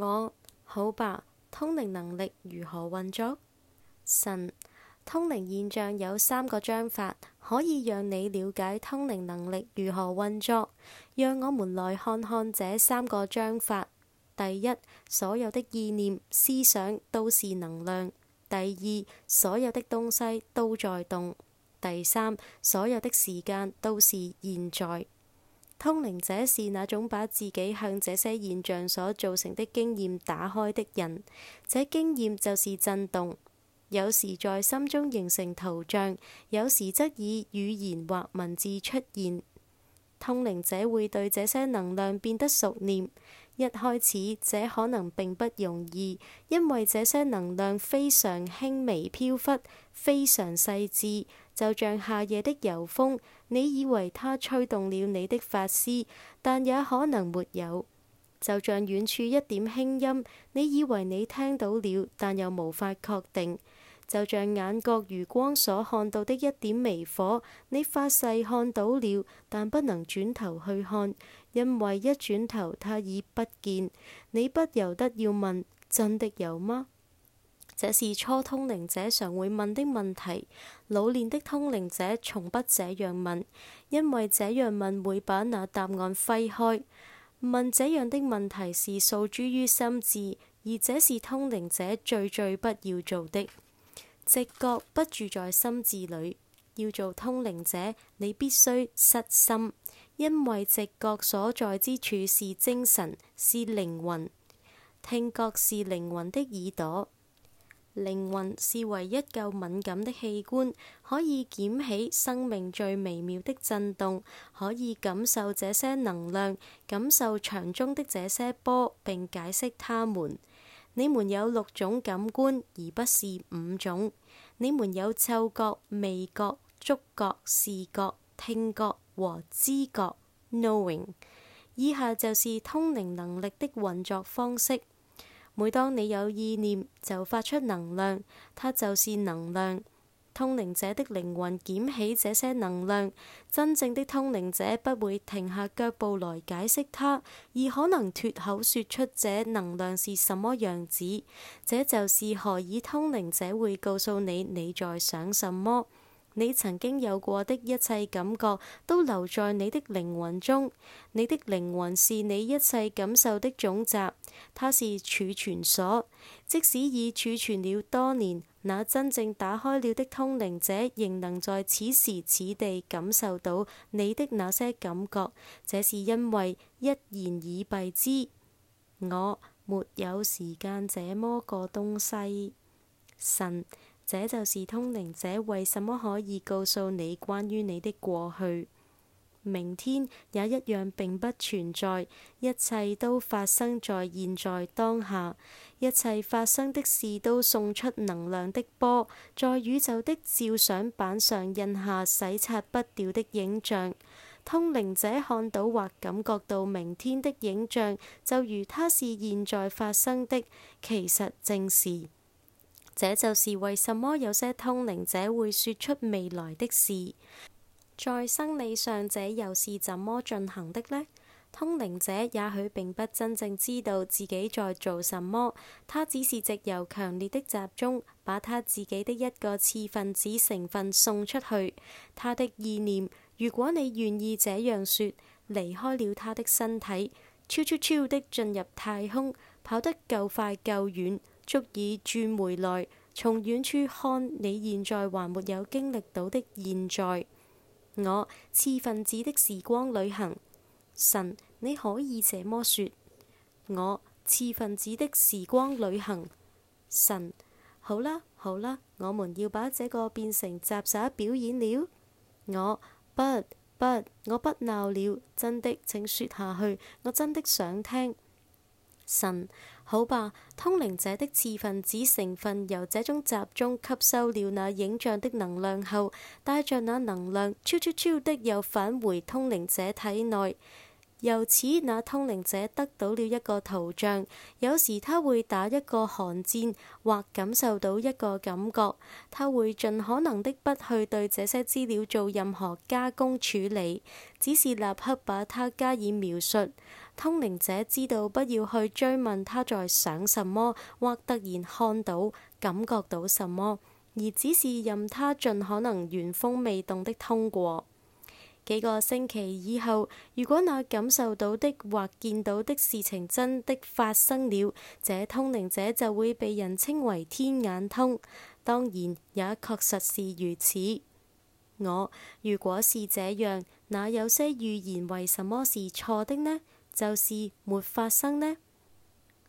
我好吧，通靈能力如何運作？神，通靈現象有三個章法，可以讓你了解通靈能力如何運作。讓我們來看看這三個章法：第一，所有的意念思想都是能量；第二，所有的東西都在動；第三，所有的時間都是現在。通靈者是那種把自己向這些現象所造成的經驗打開的人，這經驗就是震動。有時在心中形成圖像，有時則以語言或文字出現。通靈者會對這些能量變得熟練，一開始這可能並不容易，因為這些能量非常輕微、飄忽，非常細緻。就像夏夜的柔風，你以為它吹動了你的髮絲，但也可能沒有；就像遠處一點輕音，你以為你聽到了，但又無法確定；就像眼角餘光所看到的一點微火，你發誓看到了，但不能轉頭去看，因為一轉頭它已不見。你不由得要問：真的有嗎？這是初通靈者常會問的問題，老練的通靈者從不這樣問，因為這樣問會把那答案揮開。問這樣的問題是訴諸於心智，而這是通靈者最最不要做的。直覺不住在心智裏，要做通靈者，你必須失心，因為直覺所在之處是精神，是靈魂，聽覺是靈魂的耳朵。靈魂是唯一夠敏感的器官，可以撿起生命最微妙的震動，可以感受這些能量，感受場中的這些波並解釋它們。你們有六種感官，而不是五種。你們有嗅覺、味覺、觸覺、視覺、聽覺和知覺 （knowing）。以下就是通靈能力的運作方式。每當你有意念，就發出能量，它就是能量。通靈者的靈魂撿起這些能量，真正的通靈者不會停下腳步來解釋它，而可能脫口說出這能量是什麼樣子。這就是何以通靈者會告訴你你在想什麼。你曾經有過的一切感覺都留在你的靈魂中，你的靈魂是你一切感受的總集，它是儲存所。即使已儲存了多年，那真正打開了的通靈者仍能在此時此地感受到你的那些感覺。這是因為一言以蔽之，我沒有時間這麼個東西。神。這就是通靈者為什麼可以告訴你關於你的過去。明天也一樣並不存在，一切都發生在現在當下。一切發生的事都送出能量的波，在宇宙的照相板上印下洗刷不掉的影像。通靈者看到或感覺到明天的影像，就如它是現在發生的，其實正是。這就是為什麼有些通靈者會說出未來的事。在生理上，這又是怎麼進行的呢？通靈者也許並不真正知道自己在做什麼，他只是藉由強烈的集中，把他自己的一個次分子成分送出去，他的意念，如果你願意這樣說，離開了他的身體，悄悄悄的進入太空，跑得夠快夠遠。足以轉回來，從遠處看你現在還沒有經歷到的現在。我次分子的時光旅行，神，你可以這麼說。我次分子的時光旅行，神，好啦好啦，我們要把這個變成雜耍表演了。我不不，but, but, 我不鬧了，真的，請說下去，我真的想聽。神。好吧，通靈者的次分子成分由這種集中吸收了那影像的能量後，帶着那能量，超超超的又返回通靈者體內。由此，那通靈者得到了一個圖像。有時他會打一個寒戰或感受到一個感覺，他會盡可能的不去對這些資料做任何加工處理，只是立刻把它加以描述。通靈者知道不要去追問他在想什麼或突然看到感覺到什麼，而只是任他盡可能原封未動的通過。幾個星期以後，如果那感受到的或見到的事情真的發生了，這通靈者就會被人稱為天眼通。當然也確實是如此。我，如果是這樣，那有些預言為什麼是錯的呢？就是沒發生呢？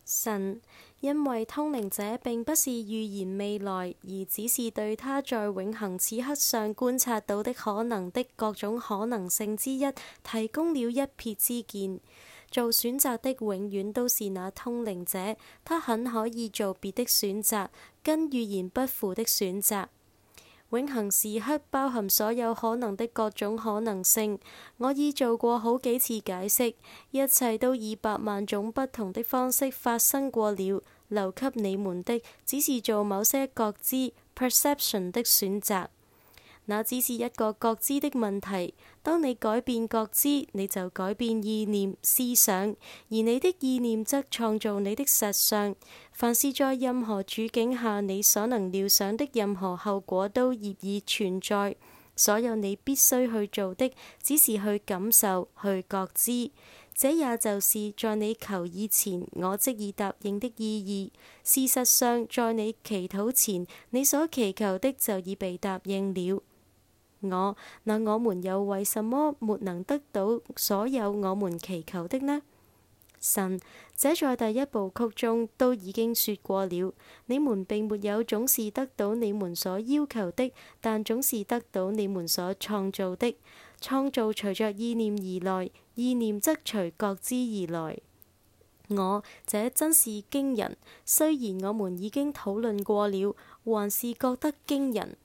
神因為通靈者並不是預言未來，而只是對他在永恆此刻上觀察到的可能的各種可能性之一提供了一瞥之見。做選擇的永遠都是那通靈者，他很可以做別的選擇，跟預言不符的選擇。永恒時刻包含所有可能的各種可能性。我已做過好幾次解釋，一切都以百萬種不同的方式發生過了。留給你們的只是做某些覺知 （perception） 的選擇。那只是一個覺知的問題。當你改變覺知，你就改變意念思想，而你的意念則創造你的實相。凡是在任何處境下你所能料想的任何後果都業已存在。所有你必須去做的，只是去感受、去覺知。這也就是在你求以前，我即已答應的意義。事實上，在你祈禱前，你所祈求的就已被答應了。我，那我們又為什麼沒能得到所有我們祈求的呢？神，這在第一部曲中都已經說過了。你們並沒有總是得到你們所要求的，但總是得到你們所創造的。創造隨着意念而來，意念則隨覺知而來。我，這真是驚人。雖然我們已經討論過了，還是覺得驚人。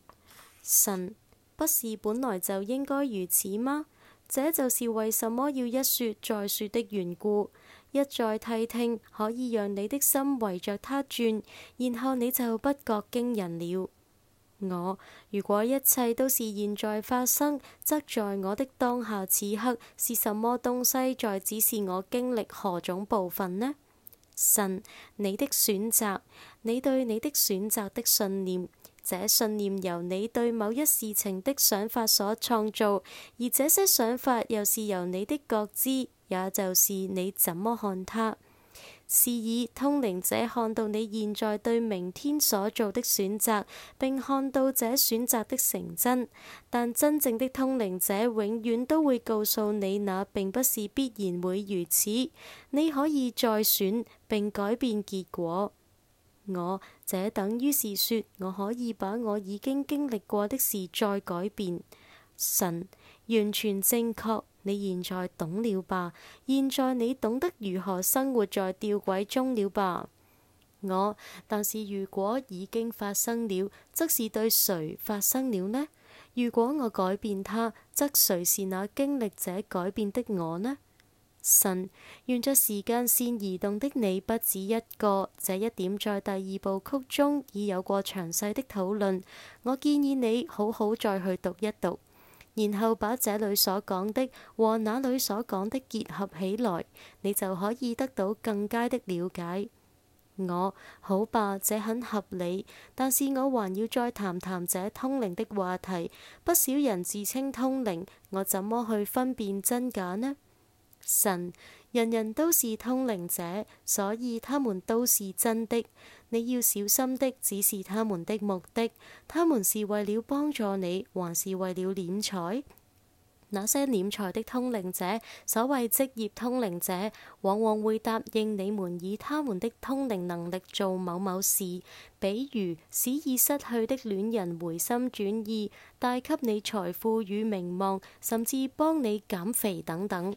神。不是本來就應該如此嗎？這就是為什麼要一說再說的緣故。一再替聽，可以讓你的心圍着它轉，然後你就不覺驚人了。我，如果一切都是現在發生，則在我的當下此刻，是什麼東西在指示我經歷何種部分呢？神，你的選擇，你對你的選擇的信念。這信念由你對某一事情的想法所創造，而這些想法又是由你的覺知，也就是你怎麼看它。是以，通靈者看到你現在對明天所做的選擇，並看到這選擇的成真。但真正的通靈者永遠都會告訴你，那並不是必然會如此，你可以再選並改變結果。我這等於是說，我可以把我已經經歷過的事再改變。神完全正確，你現在懂了吧？現在你懂得如何生活在吊詭中了吧？我但是如果已經發生了，則是對誰發生了呢？如果我改變他，則誰是那經歷者改變的我呢？神沿着時間線移動的你不止一個，這一點在第二部曲中已有過詳細的討論。我建議你好好再去讀一讀，然後把這裏所講的和那裏所講的結合起來，你就可以得到更佳的了解。我好吧，這很合理，但是我還要再談談這通靈的話題。不少人自稱通靈，我怎麼去分辨真假呢？神，人人都是通靈者，所以他們都是真的。你要小心的，只是他們的目的。他們是為了幫助你，還是為了斂財？那些斂財的通靈者，所謂職業通靈者，往往會答應你們以他們的通靈能力做某某事，比如使已失去的戀人回心轉意，帶給你財富與名望，甚至幫你減肥等等。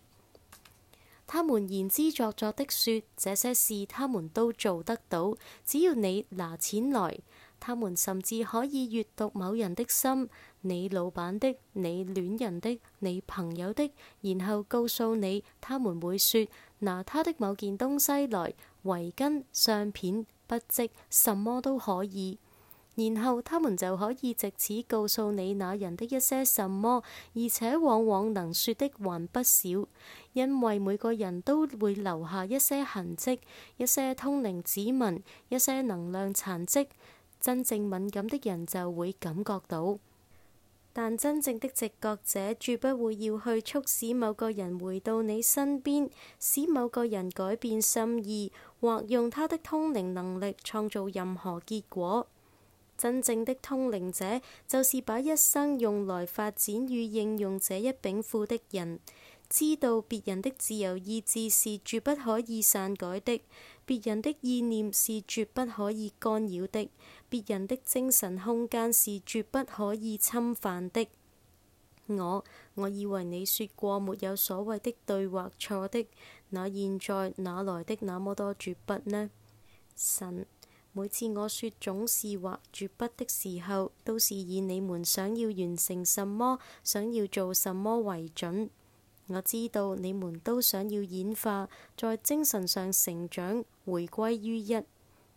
他們言之鑿鑿的說，這些事他們都做得到，只要你拿錢來，他們甚至可以閱讀某人的心，你老闆的、你戀人的、你朋友的，然後告訴你，他們會說拿他的某件東西來，圍巾、相片、筆跡，什麼都可以。然後他們就可以藉此告訴你那人的一些什麼，而且往往能說的還不少，因為每個人都會留下一些痕迹、一些通靈指紋、一些能量殘迹。真正敏感的人就會感覺到，但真正的直覺者絕不會要去促使某個人回到你身邊，使某個人改變心意，或用他的通靈能力創造任何結果。真正的通靈者就是把一生用來發展與應用這一稟賦的人，知道別人的自由意志是絕不可以篡改的，別人的意念是絕不可以干擾的，別人的精神空間是絕不可以侵犯的。我，我以為你說過沒有所謂的對或錯的，那現在哪來的那麼多絕不呢？神。每次我說總是或絕不的時候，都是以你們想要完成什麼，想要做什麼為準。我知道你們都想要演化，在精神上成長，回歸於一。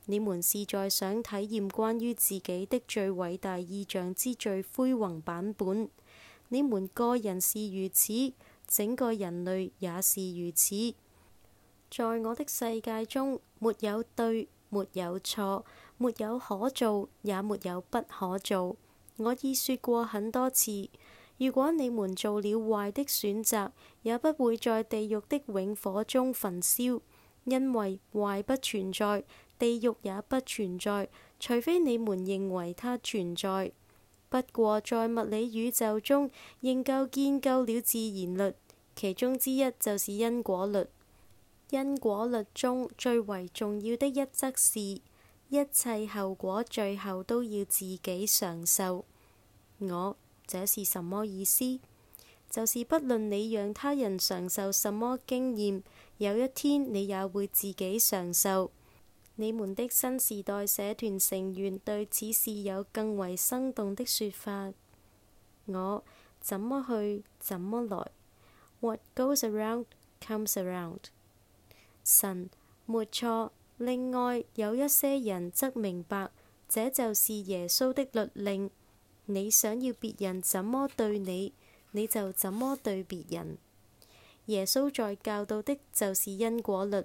你們是在想體驗關於自己的最偉大意象之最恢宏版本。你們個人是如此，整個人類也是如此。在我的世界中，沒有對。沒有錯，沒有可做，也沒有不可做。我已説過很多次，如果你們做了壞的選擇，也不會在地獄的永火中焚燒，因為壞不存在，地獄也不存在，除非你們認為它存在。不過，在物理宇宙中，仍舊建構了自然律，其中之一就是因果律。因果律中最為重要的一則是，一切後果最後都要自己嚐受。我，這是什麼意思？就是不論你讓他人嚐受什麼經驗，有一天你也會自己嚐受。你們的新時代社團成員對此事有更為生動的說法。我，怎麼去，怎麼來？What goes around, comes around。神，沒錯。另外有一些人則明白，這就是耶穌的律令。你想要別人怎麼對你，你就怎麼對別人。耶穌在教導的就是因果律，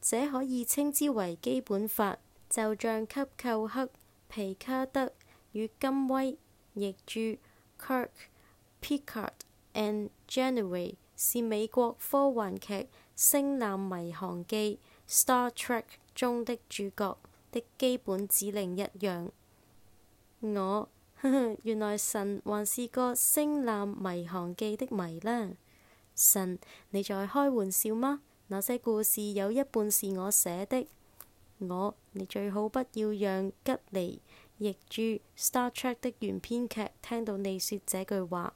這可以稱之為基本法，就像給寇克皮卡德與金威逆著 Kirk Picard and January 是美國科幻劇。《星艦迷航記》Star Trek》中的主角的基本指令一樣。我 原來神還是個《星艦迷航記》的迷呢？神，你在開玩笑嗎？那些故事有一半是我寫的。我你最好不要讓吉尼譯著 Star Trek》的原編劇聽到你說這句話。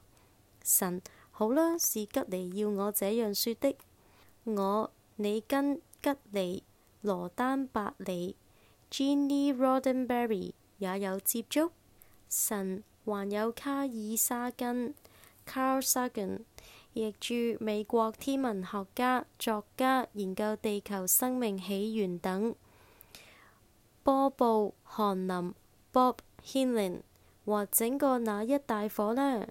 神，好啦，是吉尼要我這樣說的。我，你跟吉尼羅丹伯里 Jeanie Roddenberry 也有接觸？神，還有卡爾沙根 Carl Sagan，亦著美國天文學家、作家，研究地球生命起源等。波布翰林 Bob Henley 和整個那一大夥呢？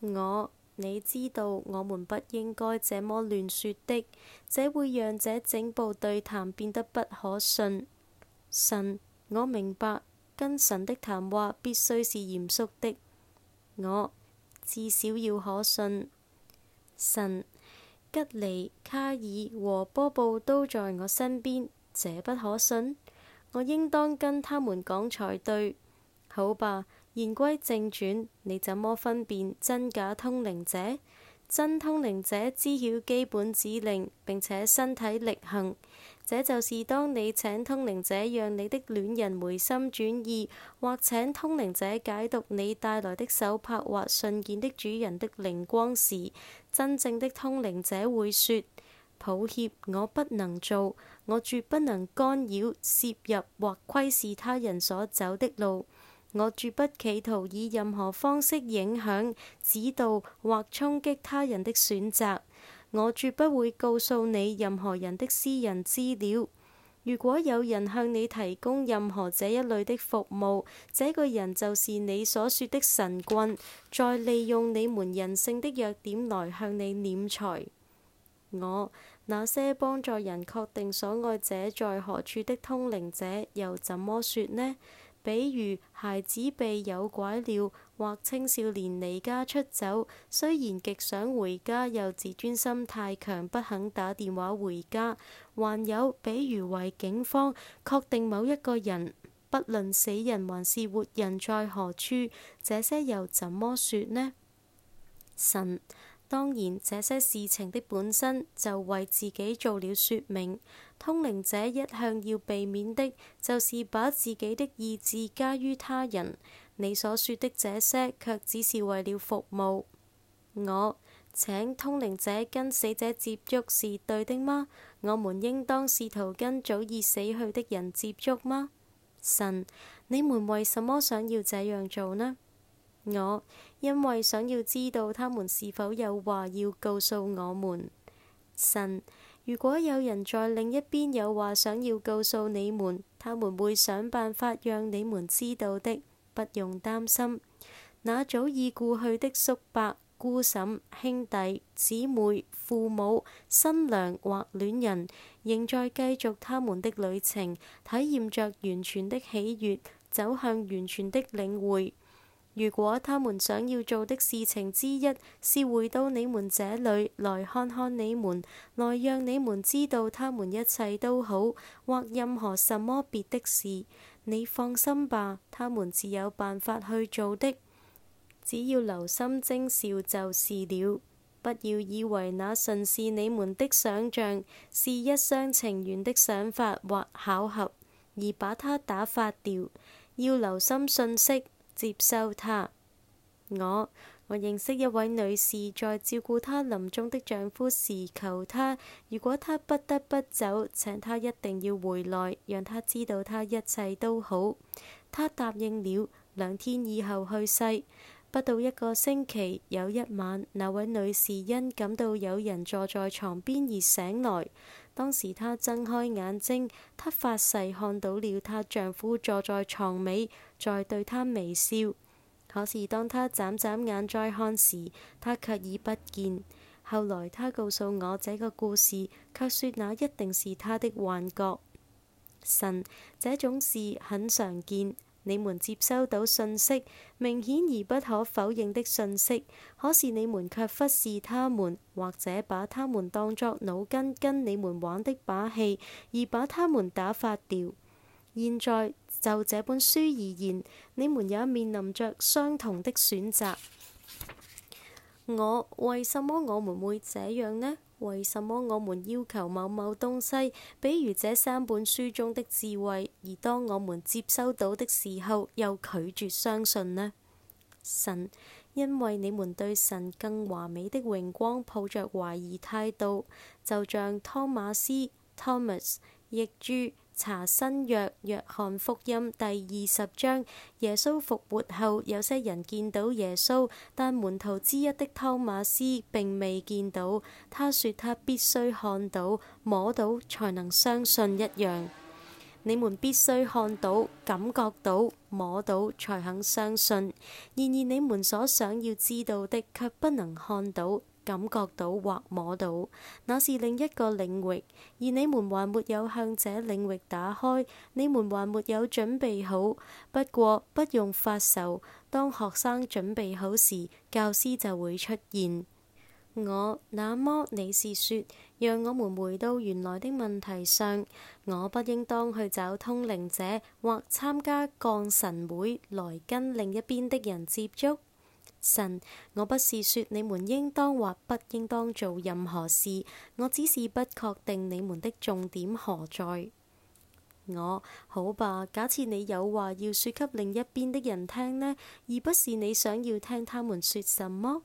我。你知道，我們不應該這麼亂說的，這會讓這整部對談變得不可信。神，我明白，跟神的談話必須是嚴肅的，我至少要可信。神，吉尼、卡爾和波布都在我身邊，這不可信。我應當跟他們講才對，好吧？言歸正傳，你怎麼分辨真假通靈者？真通靈者知曉基本指令並且身體力行，這就是當你請通靈者讓你的戀人回心轉意，或請通靈者解讀你帶來的手帕或信件的主人的靈光時，真正的通靈者會說：「抱歉，我不能做，我絕不能干擾、涉入或窺視他人所走的路。」我絕不企圖以任何方式影響、指導或衝擊他人的選擇。我絕不會告訴你任何人的私人資料。如果有人向你提供任何這一類的服務，這個人就是你所說的神棍，再利用你們人性的弱點來向你斂財。我那些幫助人確定所愛者在何處的通靈者，又怎麼說呢？比如孩子被誘拐了，或青少年離家出走，雖然極想回家，又自尊心太強，不肯打電話回家。還有，比如為警方確定某一個人，不論死人還是活人在何處，這些又怎麼說呢？神，當然，這些事情的本身就為自己做了說明。通靈者一向要避免的，就是把自己的意志加於他人。你所說的這些，卻只是為了服務我。請通靈者跟死者接觸是對的嗎？我們應當試圖跟早已死去的人接觸嗎？神，你們為什麼想要這樣做呢？我因為想要知道他們是否有話要告訴我們。神。如果有人在另一邊有話想要告訴你們，他們會想辦法讓你們知道的，不用擔心。那早已故去的叔伯、姑嬸、兄弟、姊妹、父母、新娘或戀人，仍在繼續他們的旅程，體驗着完全的喜悅，走向完全的領會。如果他們想要做的事情之一是回到你們這裏來看看你們，來讓你們知道他們一切都好，或任何什麼別的事，你放心吧，他們自有辦法去做的，只要留心徵兆就是了。不要以為那純是你們的想象，是一廂情願的想法或巧合，而把它打發掉。要留心信息。接收她，我我認識一位女士，在照顧她臨終的丈夫時，求她如果她不得不走，請她一定要回來，讓她知道她一切都好。她答應了。兩天以後去世，不到一個星期，有一晚，那位女士因感到有人坐在床邊而醒來。當時她睜開眼睛，她發誓看到了她丈夫坐在床尾，在對他微笑，可是當他眨眨眼再看時，他卻已不見。後來他告訴我這個故事，卻說那一定是他的幻覺。神，這種事很常見，你們接收到信息，明顯而不可否認的信息，可是你們卻忽視他們，或者把他們當作腦筋跟你們玩的把戲，而把他們打發掉。現在，就這本書而言，你們也面臨着相同的選擇。我，為什麼我們會這樣呢？為什麼我們要求某某東西，比如這三本書中的智慧，而當我們接收到的時候，又拒絕相信呢？神，因為你們對神更華美的榮光抱着懷疑態度，就像托馬斯 （Thomas） 亦諸。查新約約翰福音第二十章，耶穌復活後，有些人見到耶穌，但門徒之一的托馬斯並未見到。他說：他必須看到、摸到，才能相信一樣。你們必須看到、感覺到、摸到，才肯相信。然而，你們所想要知道的，却不能看到。感覺到或摸到，那是另一個領域，而你們還沒有向這領域打開，你們還沒有準備好。不過，不用發愁，當學生準備好時，教師就會出現。我，那麼你是說，讓我們回到原來的問題上，我不應當去找通靈者或參加降神會來跟另一邊的人接觸？神，我不是說你們應當或不應當做任何事，我只是不確定你們的重點何在。我，好吧，假設你有話要說給另一邊的人聽呢，而不是你想要聽他們說什麼。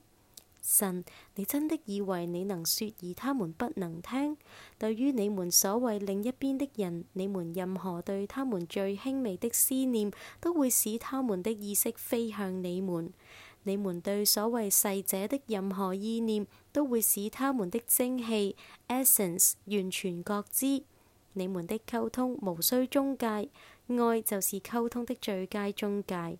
神，你真的以為你能說而他們不能聽？對於你們所謂另一邊的人，你們任何對他們最輕微的思念，都會使他們的意識飛向你們。你們對所謂逝者的任何意念，都會使他們的精氣 essence 完全覺知。你們的溝通無需中介，愛就是溝通的最佳中介。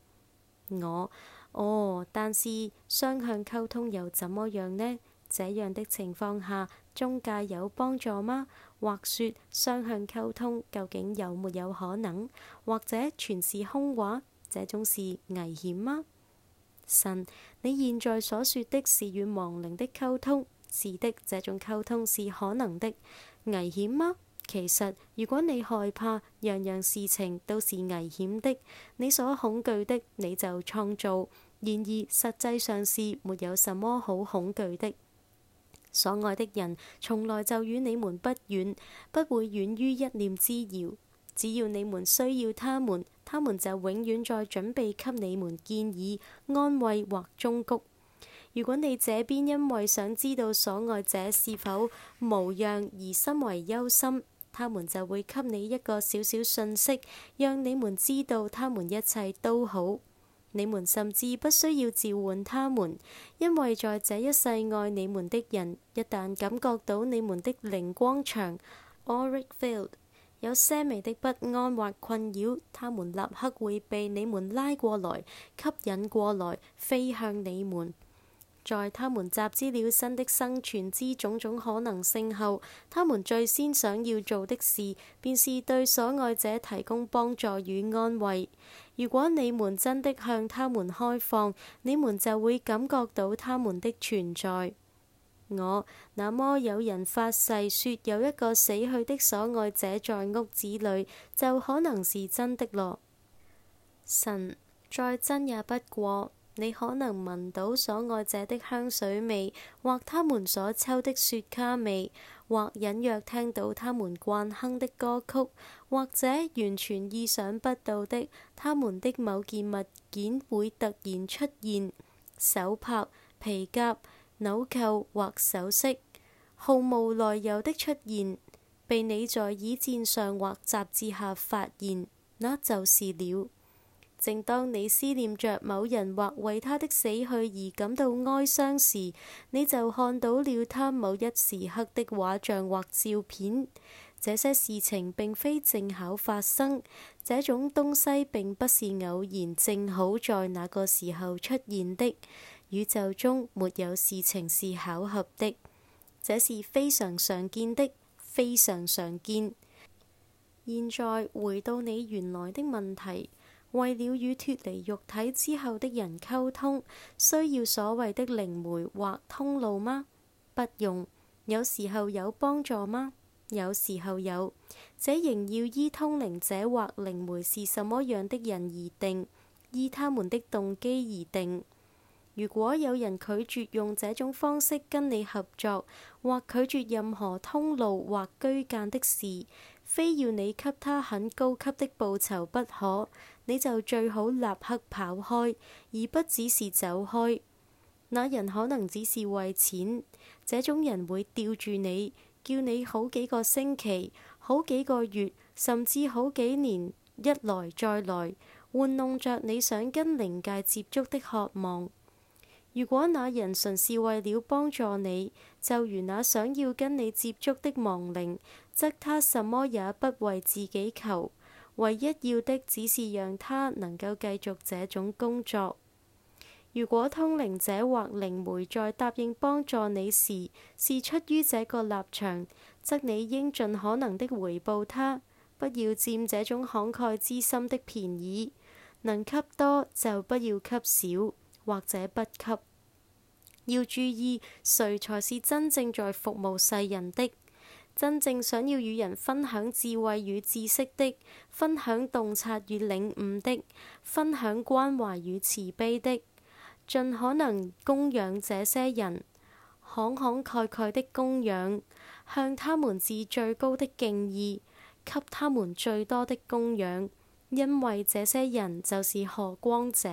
我哦，但是雙向溝通又怎麼樣呢？這樣的情況下，中介有幫助嗎？或說雙向溝通究竟有沒有可能，或者全是空話？這種事危險嗎？神，你現在所說的是與亡靈的溝通？是的，這種溝通是可能的。危險嗎？其實，如果你害怕，樣樣事情都是危險的。你所恐懼的，你就創造。然而，實際上是沒有什麼好恐懼的。所愛的人從來就與你們不遠，不會遠於一念之遙。只要你們需要他們。他們就永遠在準備給你們建議、安慰或忠告。如果你這邊因為想知道所愛者是否無恙而深為憂心，他們就會給你一個小小信息，讓你們知道他們一切都好。你們甚至不需要召喚他們，因為在這一世愛你們的人，一旦感覺到你們的靈光場，auric field，有些微的不安或困擾，他們立刻會被你們拉過來，吸引過來，飛向你們。在他們集資了新的生存之種種可能性後，他們最先想要做的事，便是對所愛者提供幫助與安慰。如果你們真的向他們開放，你們就會感覺到他們的存在。我，那麼有人發誓說有一個死去的所愛者在屋子裏，就可能是真的咯。神，再真也不過，你可能聞到所愛者的香水味，或他們所抽的雪茄味，或隱約聽到他們慣哼的歌曲，或者完全意想不到的，他們的某件物件會突然出現，手帕、皮夾。紐扣或首飾毫無來由的出現，被你在椅墊上或雜誌下發現，那就是了。正當你思念着某人或為他的死去而感到哀傷時，你就看到了他某一時刻的畫像或照片。這些事情並非正巧發生，這種東西並不是偶然正好在那個時候出現的。宇宙中沒有事情是巧合的，這是非常常見的。非常常見。現在回到你原來的問題，為了與脫離肉體之後的人溝通，需要所謂的靈媒或通路嗎？不用。有時候有幫助嗎？有時候有。這仍要依通靈者或靈媒是什麼樣的人而定，依他們的動機而定。如果有人拒絕用這種方式跟你合作，或拒絕任何通路或居間的事，非要你給他很高級的報酬不可，你就最好立刻跑開，而不只是走開。那人可能只是為錢，這種人會吊住你，叫你好幾個星期、好幾個月，甚至好幾年一來再來，玩弄着你想跟靈界接觸的渴望。如果那人純是為了幫助你，就如那想要跟你接觸的亡靈，則他什麼也不為自己求，唯一要的只是讓他能夠繼續這種工作。如果通靈者或靈媒在答應幫助你時是出於這個立場，則你應盡可能的回報他，不要佔這種慷慨之心的便宜，能給多就不要給少，或者不給。要注意，誰才是真正在服務世人的？真正想要與人分享智慧與知識的，分享洞察與領悟的，分享關懷與慈悲的，盡可能供養這些人，慷慷慨慨的供養，向他們致最高的敬意，給他們最多的供養，因為這些人就是荷光者。